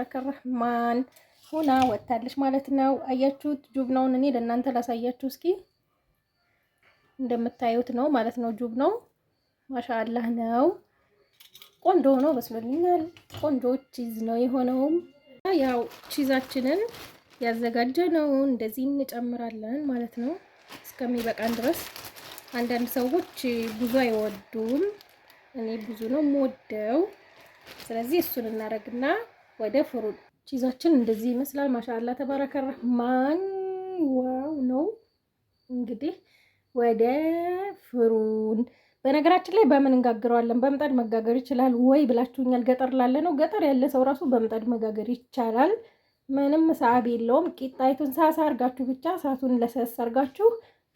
ረከረህማን ሆና ወጥታለች ማለት ነው። አያችሁት? ጁብናውን እኔ ለእናንተ ላሳያችሁ እስኪ። እንደምታዩት ነው ማለት ነው። ጁብናው ማሻአላህ ነው፣ ቆንጆ ሆኖ በስሎልኛል። ቆንጆ ቺዝ ነው የሆነውም። ያው ቺዛችንን ያዘጋጀነውን እንደዚህ እንጨምራለን ማለት ነው እስከሚበቃን ድረስ። አንዳንድ ሰዎች ብዙ አይወዱም፣ እኔ ብዙ ነው የምወደው። ስለዚህ እሱን እናደርግና ወደ ፍሩ ቺዛችን እንደዚህ ይመስላል። ማሻአላ ተባረከ ረህማን ዋው ነው እንግዲህ ወደ ፍሩን በነገራችን ላይ በምን እንጋግረዋለን? በምጣድ መጋገር ይችላል ወይ ብላችሁኛል። ገጠር ላለ ነው ገጠር ያለ ሰው ራሱ በምጣድ መጋገር ይቻላል። ምንም ሰዓብ የለውም። ቂጣይቱን ሳሳ አርጋችሁ ብቻ እሳቱን ለሰስ አርጋችሁ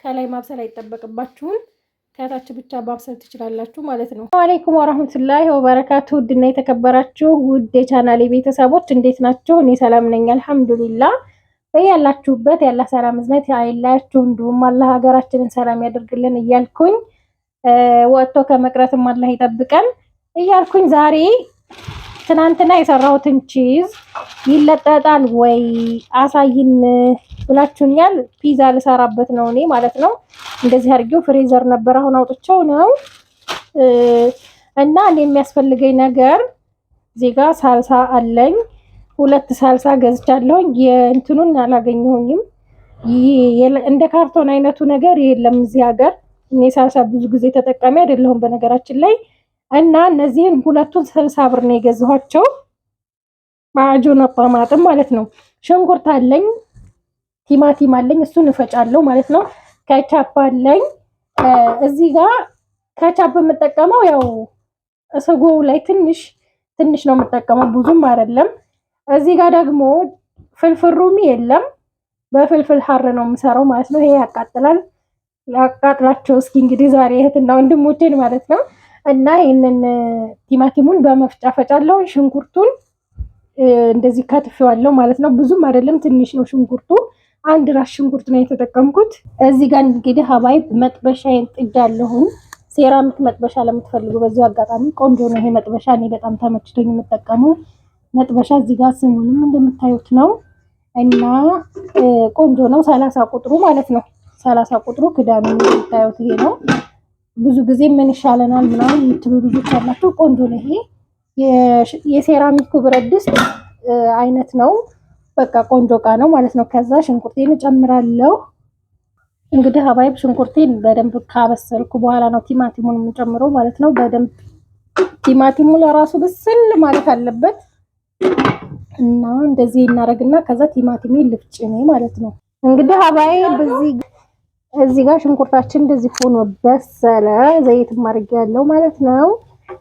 ከላይ ማብሰል አይጠበቅባችሁም። ከታች ብቻ ማብሰል ትችላላችሁ ማለት ነው። አለይኩም ወራህመቱላሂ ወበረካቱ። ውድና የተከበራችሁ ውድ የቻናሌ ቤተሰቦች እንዴት ናችሁ? እኔ ሰላም ነኝ አልሐምዱሊላ። በያላችሁበት ያላ ሰላም እዝነት አይላችሁ፣ እንዲሁም አላህ ሀገራችንን ሰላም ያደርግልን እያልኩኝ ወጥቶ ከመቅረትም አላህ ይጠብቀን እያልኩኝ ዛሬ ትናንትና የሰራሁትን ቺዝ ይለጠጣል ወይ አሳይን ብላችሁኛል። ፒዛ ልሰራበት ነው እኔ ማለት ነው። እንደዚህ አድርጌው ፍሬዘር ነበር አሁን አውጥቼው ነው እና እኔ የሚያስፈልገኝ ነገር እዚህ ጋር ሳልሳ አለኝ። ሁለት ሳልሳ ገዝቻለሁኝ። የእንትኑን አላገኘሁኝም። እንደ ካርቶን አይነቱ ነገር የለም እዚህ ሀገር። እኔ ሳልሳ ብዙ ጊዜ ተጠቃሚ አይደለሁም በነገራችን ላይ እና እነዚህን ሁለቱን ስልሳ ብር ነው የገዛኋቸው። ማዕጁን አጣማጥም ማለት ነው። ሽንኩርት አለኝ፣ ቲማቲም አለኝ፣ እሱን እፈጫለሁ ማለት ነው። ከቻፕ አለኝ እዚህ ጋር ከቻፕ የምጠቀመው ያው ስጎው ላይ ትንሽ ትንሽ ነው የምጠቀመው፣ ብዙም አይደለም። እዚህ ጋር ደግሞ ፍልፍል ሩሚ የለም፣ በፍልፍል ሀር ነው የምሰራው ማለት ነው። ይሄ ያቃጥላል። ያቃጥላቸው እስኪ እንግዲህ ዛሬ እህትና ወንድሞቼን ማለት ነው። እና ይህንን ቲማቲሙን በመፍጫ ፈጫለሁ። ሽንኩርቱን እንደዚህ ከትፌዋለሁ ማለት ነው። ብዙም አይደለም ትንሽ ነው ሽንኩርቱ። አንድ ራስ ሽንኩርት ነው የተጠቀምኩት። እዚህ ጋር እንግዲህ ሀባይ መጥበሻዬን ጥጃለሁኝ። ሴራሚክ መጥበሻ ለምትፈልጉ በዚሁ አጋጣሚ ቆንጆ ነው ይሄ መጥበሻ። እኔ በጣም ተመችቶኝ የምጠቀመው መጥበሻ እዚህ ጋር ስሙንም እንደምታዩት ነው እና ቆንጆ ነው። ሰላሳ ቁጥሩ ማለት ነው። ሰላሳ ቁጥሩ ክዳኑ የምታዩት ይሄ ነው። ብዙ ጊዜ ምን ይሻለናል ምናምን የምትሉ ልጆች ያላቸው ቆንጆ ነው። ይሄ የሴራሚኩ ብረት ድስት አይነት ነው። በቃ ቆንጆ እቃ ነው ማለት ነው። ከዛ ሽንኩርቴን እጨምራለሁ። እንግዲህ ሀባይብ ሽንኩርቴን በደንብ ካበሰልኩ በኋላ ነው ቲማቲሙን የምንጨምረው ማለት ነው። በደንብ ቲማቲሙ ለራሱ ብስል ማለት አለበት እና እንደዚህ እናደርግና ከዛ ቲማቲሜ ልፍጭኔ ማለት ነው እንግዲህ ሀባይ በዚህ እዚህ ጋር ሽንኩርታችን እንደዚህ ሆኖ በሰለ። ዘይትም ያለው ማለት ነው።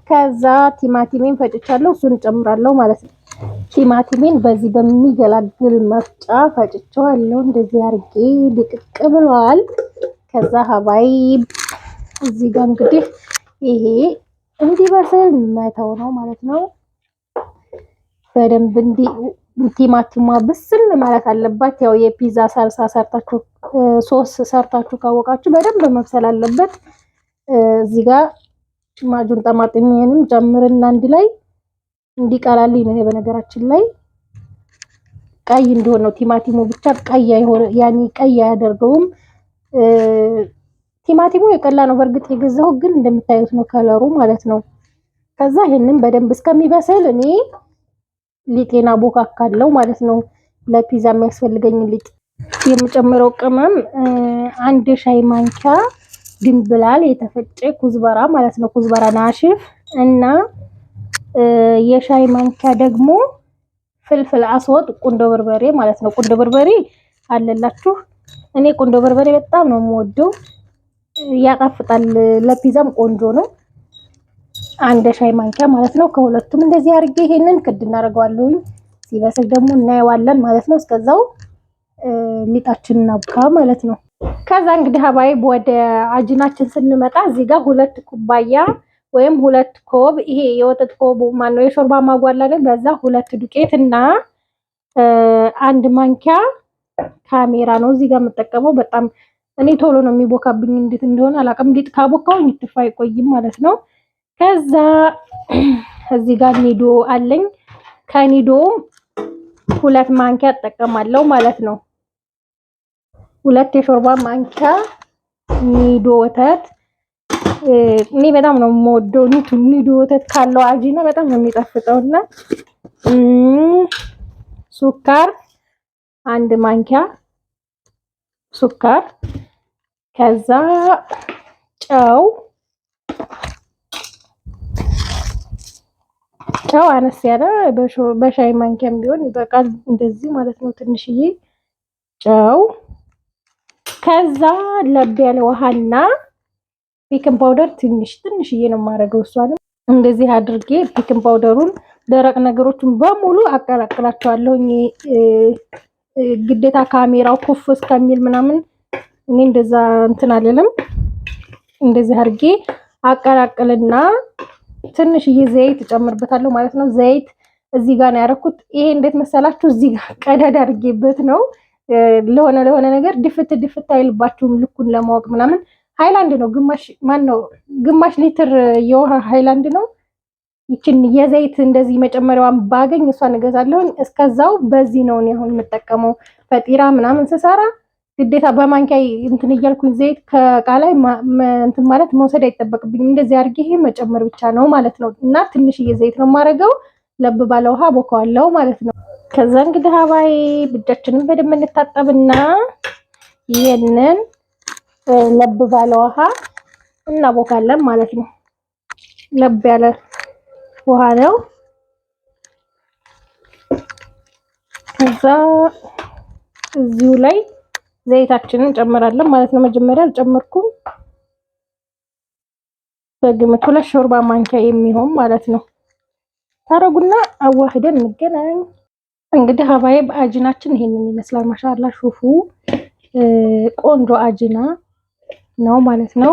ከዛ ቲማቲሜን ፈጭቻለሁ፣ እሱን ጨምራለሁ ማለት ነው። ቲማቲሜን በዚህ በሚገላግል መፍጫ ፈጭቼዋለሁ። እንደዚህ አርጌ ድቅቅ ብለዋል። ከዛ ሀባይ እዚህ ጋር እንግዲህ ይሄ እንዲበስል መተው ነው ማለት ነው። በደንብ እንዲ ቲማቲማ ብስል ማለት አለባት። ያው የፒዛ ሳልሳ ሰርታችሁ ሶስ ሰርታችሁ ካወቃችሁ በደንብ መብሰል አለበት። እዚህ ጋር ማጁን ጠማጥሜንም ጨምርና እንዲ ላይ እንዲቀላልኝ ነው። በነገራችን ላይ ቀይ እንዲሆን ነው ቲማቲሙ ብቻ ቀይ አይሆን ያኔ ቀይ አያደርገውም። ቲማቲሙ የቀላ ነው በእርግጥ የገዛሁት ግን እንደምታዩት ነው ከለሩ ማለት ነው። ከዛ ይሄንን በደንብ እስከሚበስል እኔ ሊጤና ቦካካለው ማለት ነው። ለፒዛ የሚያስፈልገኝ ሊጥ የምጨምረው ቅመም አንድ ሻይ ማንኪያ ድንብላል የተፈጨ ኩዝበራ ማለት ነው። ኩዝበራ ናሽፍ እና የሻይ ማንኪያ ደግሞ ፍልፍል አስወጥ ቁንዶ በርበሬ ማለት ነው። ቁንዶ በርበሬ አለላችሁ። እኔ ቁንዶ በርበሬ በጣም ነው የምወደው፣ ያጣፍጣል። ለፒዛም ቆንጆ ነው። አንድ ሻይ ማንኪያ ማለት ነው። ከሁለቱም እንደዚህ አድርጌ ይሄንን ክድ እናደርገዋለሁኝ። ሲበስል ደግሞ እናየዋለን ማለት ነው። እስከዛው ሊጣችን እናብካ ማለት ነው። ከዛ እንግዲህ ሀባይ ወደ አጅናችን ስንመጣ እዚህ ጋር ሁለት ኩባያ ወይም ሁለት ኮብ ይሄ የወተት ኮብ ማነው የሾርባ ማጓላለን በዛ ሁለት ዱቄት እና አንድ ማንኪያ ካሜራ ነው እዚህ ጋር የምጠቀመው። በጣም እኔ ቶሎ ነው የሚቦካብኝ፣ እንዴት እንደሆነ አላውቅም። ሊጥ ካቦካው ይትፋ አይቆይም ማለት ነው። ከዛ እዚህ ጋር ኒዶ አለኝ። ከኒዶ ሁለት ማንኪያ እጠቀማለሁ ማለት ነው። ሁለት የሾርባ ማንኪያ ኒዶ ወተት። እኔ በጣም ነው የምወደው ኒዶ ወተት ካለው አጂና በጣም ነው የሚጠፍጠውና ሱካር አንድ ማንኪያ ሱካር ከዛ ጨው ጨው አነስ ያለ በሻይ ማንኪያም ቢሆን ይበቃል። እንደዚህ ማለት ነው። ትንሽዬ ጨው፣ ከዛ ለብ ያለ ውሃና ቤኪንግ ፓውደር ትንሽ ትንሽዬ ነው የማደርገው። እሷንም እንደዚህ አድርጌ ቤኪንግ ፓውደሩን ደረቅ ነገሮችን በሙሉ አቀላቅላቸዋለሁ። ግዴታ ካሜራው ኩፍ እስከሚል ምናምን እኔ እንደዛ እንትን አልልም። እንደዚህ አድርጌ አቀላቅልና ትንሽዬ ዘይት እጨምርበታለሁ ማለት ነው። ዘይት እዚህ ጋር ነው ያደረኩት። ይሄ እንዴት መሰላችሁ? እዚህ ጋር ቀዳዳ አድርጌበት ነው ለሆነ ለሆነ ነገር ድፍት ድፍት አይልባችሁም፣ ልኩን ለማወቅ ምናምን። ሃይላንድ ነው ግማሽ ማን ነው ግማሽ ሊትር የውሃ ሃይላንድ ነው። ይችን የዘይት እንደዚህ መጨመሪያዋን ባገኝ እሷን እገዛለሁኝ። እስከዛው በዚህ ነው አሁን የምጠቀመው ፈጢራ ምናምን ስሰራ ግዴታ በማንኪያ እንትን እያልኩኝ ዘይት ከእቃ ላይ እንትን ማለት መውሰድ አይጠበቅብኝም። እንደዚህ አድርጌ ይሄ መጨመር ብቻ ነው ማለት ነው። እና ትንሽዬ ዘይት ነው የማደርገው። ለብ ባለ ውሃ ቦከዋለው ማለት ነው። ከዛ እንግዲህ ሀባይ ብጃችንን በደንብ እንታጠብና ይሄንን ለብ ባለ ውሃ እናቦካለን ማለት ነው። ለብ ያለ ውሃ ነው። ከዛ እዚሁ ላይ ዘይታችንን ጨምራለን ማለት ነው። መጀመሪያ አልጨመርኩም። በግምት ሁለት ሾርባ ማንኪያ የሚሆን ማለት ነው። ታረጉና አዋህደን እንገናኝ። እንግዲህ ሀባዬ በአጅናችን ይሄንን ይመስላል። ማሻላ ሹፉ ቆንጆ አጅና ነው ማለት ነው።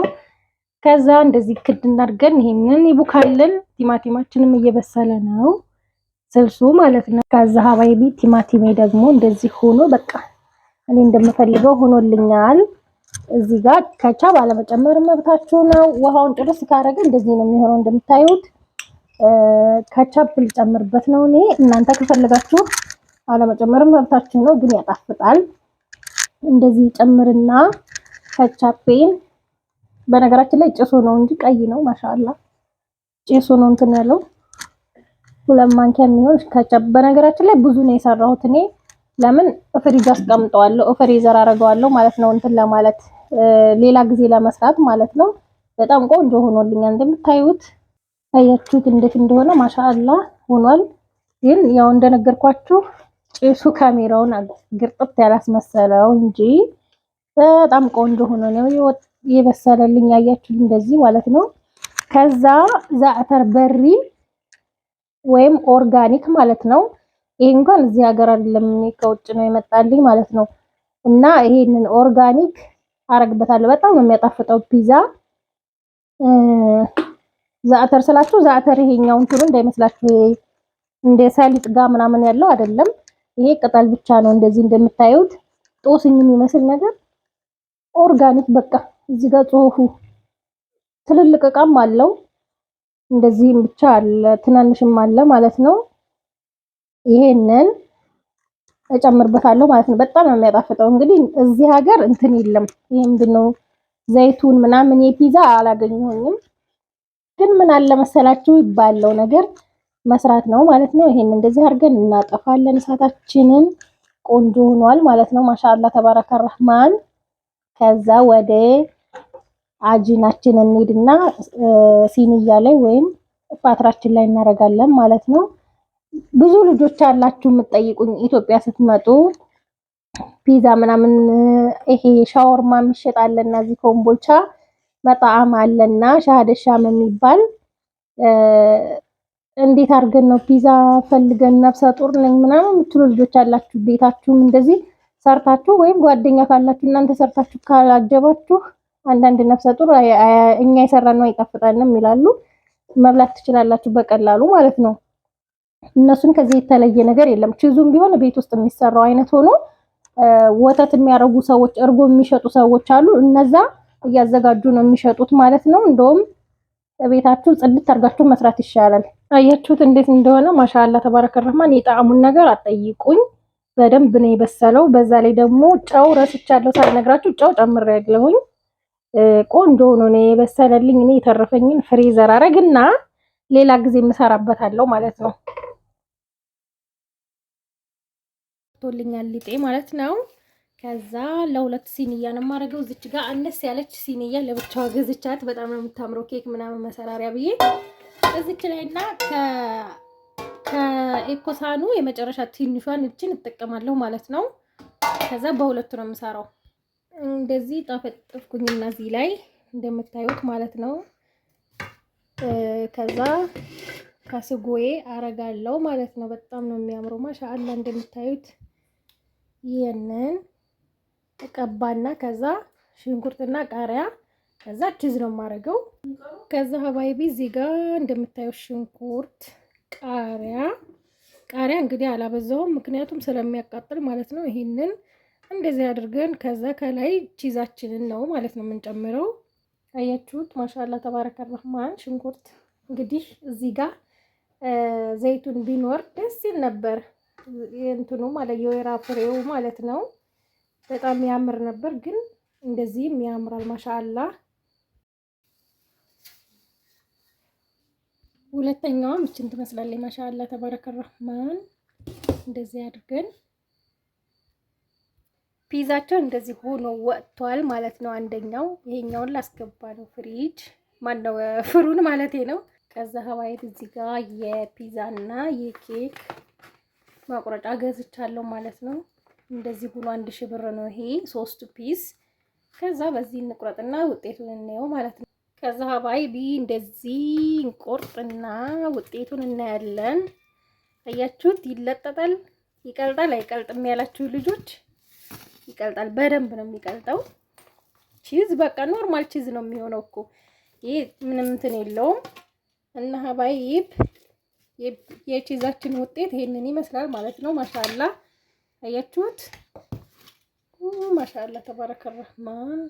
ከዛ እንደዚህ ክድ እናድርገን ይሄንን ይቡካለን። ቲማቲማችንም እየበሰለ ነው ስልሱ ማለት ነው። ከዛ ሀባይቢ ቲማቲሜ ደግሞ እንደዚህ ሆኖ በቃ እኔ እንደምፈልገው ሆኖልኛል። እዚህ ጋር ከቻብ አለመጨመር መብታችሁ ነው። ውሃውን ጭርስ ካደረገ እንደዚህ ነው የሚሆነው። እንደምታዩት ከቻፕ ልጨምርበት ነው እኔ። እናንተ ከፈለጋችሁ አለመጨመርም መብታችሁ ነው፣ ግን ያጣፍጣል። እንደዚህ ጨምርና ከቻፔን በነገራችን ላይ ጭሶ ነው እንጂ ቀይ ነው። ማሻአላ ጭሶ ነው እንትን ያለው ሁለት ማንኪያ የሚሆን ከቻፕ። በነገራችን ላይ ብዙ ነው የሰራሁት እኔ ለምን ፍሪዝ አስቀምጠዋለሁ ፍሪዘር አደርገዋለሁ ማለት ነው። እንትን ለማለት ሌላ ጊዜ ለመስራት ማለት ነው። በጣም ቆንጆ ሆኖልኛል። እንደምታዩት አያችሁት እንዴት እንደሆነ ማሻአላ ሆኗል። ግን ያው እንደነገርኳችሁ ጭሱ ካሜራውን ግርጥት ያላስመሰለው እንጂ በጣም ቆንጆ ሆኖ ነው የበሰለልኝ። አያችሁት እንደዚህ ማለት ነው። ከዛ ዛዕተር በሪ ወይም ኦርጋኒክ ማለት ነው ይሄ እንኳን እዚህ ሀገር አይደለም ከውጭ ነው የመጣልኝ ማለት ነው። እና ይሄንን ኦርጋኒክ አረግበታለሁ በጣም የሚያጣፍጠው ፒዛ ዛዕተር ስላችሁ ዛዕተር ይሄኛው እንትኑ እንዳይመስላችሁ እንደ ሰሊጥ ጋር ምናምን ያለው አይደለም። ይሄ ቅጠል ብቻ ነው እንደዚህ እንደምታዩት ጦስኝ የሚመስል ነገር ኦርጋኒክ በቃ እዚህ ጋር ጽሁፉ ትልልቅ እቃም አለው እንደዚህም ብቻ አለ ትናንሽም አለ ማለት ነው። ይሄንን እጨምርበታለሁ ማለት ነው። በጣም ነው የሚያጣፍጠው። እንግዲህ እዚህ ሀገር እንትን የለም ይሄ ምንድን ነው ዘይቱን ምናምን የፒዛ አላገኘሁኝም። ግን ምን አለ መሰላችሁ ይባለው ነገር መስራት ነው ማለት ነው። ይሄን እንደዚህ አድርገን እናጠፋለን። እሳታችንን ቆንጆ ሆኗል ማለት ነው። ማሻአላ ተባረከ ረህማን። ከዛ ወደ አጂናችን እንሂድና ሲኒያ ላይ ወይም ፓትራችን ላይ እናደርጋለን ማለት ነው። ብዙ ልጆች አላችሁ የምትጠይቁኝ ኢትዮጵያ ስትመጡ ፒዛ ምናምን ይሄ ሻወርማ የሚሸጥ አለና እዚህ ኮምቦልቻ መጣዕም አለና ሻደሻም የሚባል እንዴት አድርገን ነው ፒዛ ፈልገን ነፍሰ ጡር ነኝ ምናምን የምትሉ ልጆች አላችሁ። ቤታችሁም እንደዚህ ሰርታችሁ ወይም ጓደኛ ካላችሁ እናንተ ሰርታችሁ ካላጀባችሁ አንዳንድ ነፍሰ ጡር እኛ የሰራነው አይጣፍጠንም ይላሉ። መብላት ትችላላችሁ በቀላሉ ማለት ነው። እነሱን ከዚህ የተለየ ነገር የለም። ችዙም ቢሆን ቤት ውስጥ የሚሰራው አይነት ሆኖ ወተት የሚያደርጉ ሰዎች፣ እርጎ የሚሸጡ ሰዎች አሉ። እነዛ እያዘጋጁ ነው የሚሸጡት ማለት ነው። እንደውም ቤታችሁ ጽድት አድርጋችሁ መስራት ይሻላል። አያችሁት እንዴት እንደሆነ ማሻላ ተባረከ ረህማን። የጣዕሙን ነገር አጠይቁኝ። በደንብ ነው የበሰለው። በዛ ላይ ደግሞ ጨው ረስቻለሁ ሳልነግራችሁ ጨው ጨምሬያለሁኝ። ቆንጆ ሆኖ ነው የበሰለልኝ። እኔ የተረፈኝን ፍሬ ዘራረግና ሌላ ጊዜ የምሰራበታለሁ ማለት ነው። ወጥቶልኛል ሊጤ ማለት ነው። ከዛ ለሁለት ሲኒያ ነው የማደርገው። እዚች ጋር አነስ ያለች ሲኒያ ለብቻዋ ገዝቻት በጣም ነው የምታምረው ኬክ ምናምን መሰራሪያ ብዬ እዚች ላይና ከኤኮሳኑ የመጨረሻ ትንሿን እችን እጠቀማለሁ ማለት ነው። ከዛ በሁለቱ ነው የምሰራው። እንደዚህ ጣፈጥፍኩኝና እዚህ ላይ እንደምታዩት ማለት ነው። ከዛ ከስጎዬ አረጋለው ማለት ነው። በጣም ነው የሚያምረው ማሻአላ እንደምታዩት ይሄንን ተቀባና ከዛ ሽንኩርትና ቃሪያ ከዛ ቺዝ ነው የማደርገው። ከዛ ሀባይቢ እዚህ ጋር እንደምታየው ሽንኩርት፣ ቃሪያ ቃሪያ እንግዲህ አላበዛውም፣ ምክንያቱም ስለሚያቃጥል ማለት ነው። ይሄንን እንደዚህ አድርገን ከዛ ከላይ ቺዛችንን ነው ማለት ነው የምንጨምረው። አያችሁት? ማሻላ ተባረከ ረህማን። ሽንኩርት እንግዲህ እዚህ ጋር ዘይቱን ቢኖር ደስ ይል ነበር። እንትኑ ማለት የወይራ ፍሬው ማለት ነው። በጣም የሚያምር ነበር፣ ግን እንደዚህም ያምራል። ማሻአላ ሁለተኛዋም እችን ትመስላለች። ማሻአላ ተባረከ ረህማን። እንደዚህ አድርገን ፒዛቸው እንደዚህ ሆኖ ወጥቷል ማለት ነው። አንደኛው ይሄኛውን ላስገባ ነው ፍሪጅ ማን ነው ፍሩን ማለት ነው። ከዛ ሀዋይት እዚህ ጋር የፒዛና የኬክ ማቁረጫ ገዝቻለሁ ማለት ነው። እንደዚህ ሁሉ አንድ ሺህ ብር ነው ይሄ ሶስቱ ፒስ። ከዛ በዚህ እንቁረጥና ውጤቱን እናየው ማለት ነው። ከዛ ቢ እንደዚህ እንቆርጥና ውጤቱን እናያለን። አያችሁት? ይለጠጣል፣ ይቀልጣል፣ አይቀልጥም ያላችሁ ልጆች ይቀልጣል። በደንብ ነው የሚቀልጠው። ቺዝ በቃ ኖርማል ቺዝ ነው የሚሆነው እኮ ይሄ ምንም እንትን የለውም እና ይብ የቺዛችን ውጤት ይሄንን ይመስላል ማለት ነው። ማሻላ አያችሁት? ማሻላ ተባረከ ረህማን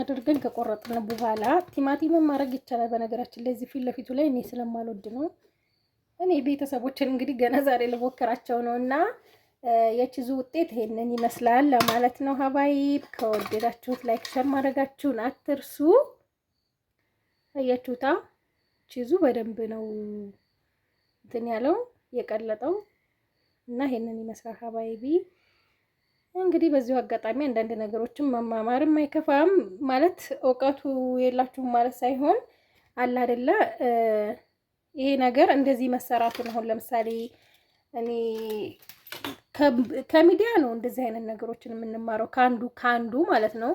አድርገን ከቆረጥን በኋላ ቲማቲምን ማድረግ ይቻላል። በነገራችን ላይ እዚህ ፊት ለፊቱ ላይ እኔ ስለማልወድ ነው። እኔ ቤተሰቦችን እንግዲህ ገና ዛሬ ልሞክራቸው ነው እና የችዙ ውጤት ይሄንን ይመስላል ለማለት ነው። ሀባይብ ከወደዳችሁት ላይክ፣ ሸር ማድረጋችሁን አትርሱ። አያችሁታ ቺዙ በደንብ ነው እንትን ያለው የቀለጠው እና ይሄንን ይመስላል ሀባይቢ። እንግዲህ በዚሁ አጋጣሚ አንዳንድ ነገሮችን መማማርም አይከፋም ማለት እውቀቱ የላችሁም ማለት ሳይሆን አለ አይደለ ይሄ ነገር እንደዚህ መሰራቱን አሁን ለምሳሌ እኔ ከሚዲያ ነው እንደዚህ አይነት ነገሮችን የምንማረው ከአንዱ ከአንዱ ማለት ነው።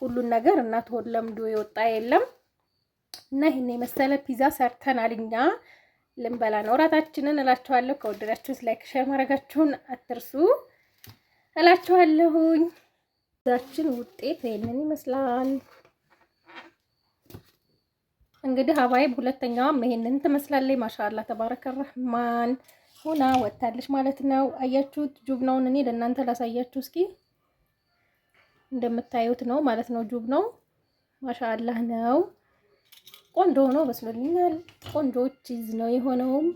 ሁሉን ነገር እናት ሆድ ለምዶ የወጣ የለም እና ይህን የመሰለ ፒዛ ሰርተናል እኛ ልንበላ ነው እራታችንን እላችኋለሁ። ከወደዳችሁ ላይክ፣ ሼር ማድረጋችሁን አትርሱ እላችኋለሁኝ። ዛችን ውጤት ይህንን ይመስላል። እንግዲህ አባይ ሁለተኛዋም ይሄንን ትመስላለች። ማሻአላ ተባረከ ረህማን ሁና ወታለች ማለት ነው። አያችሁት? ጁብናውን እኔ ለእናንተ ላሳያችሁ እስኪ። እንደምታዩት ነው ማለት ነው። ጁብናው ማሻአላህ ነው። ቆንጆ ሆኖ በስሎልኛል። ቆንጆ ቺዝ ነው የሆነውም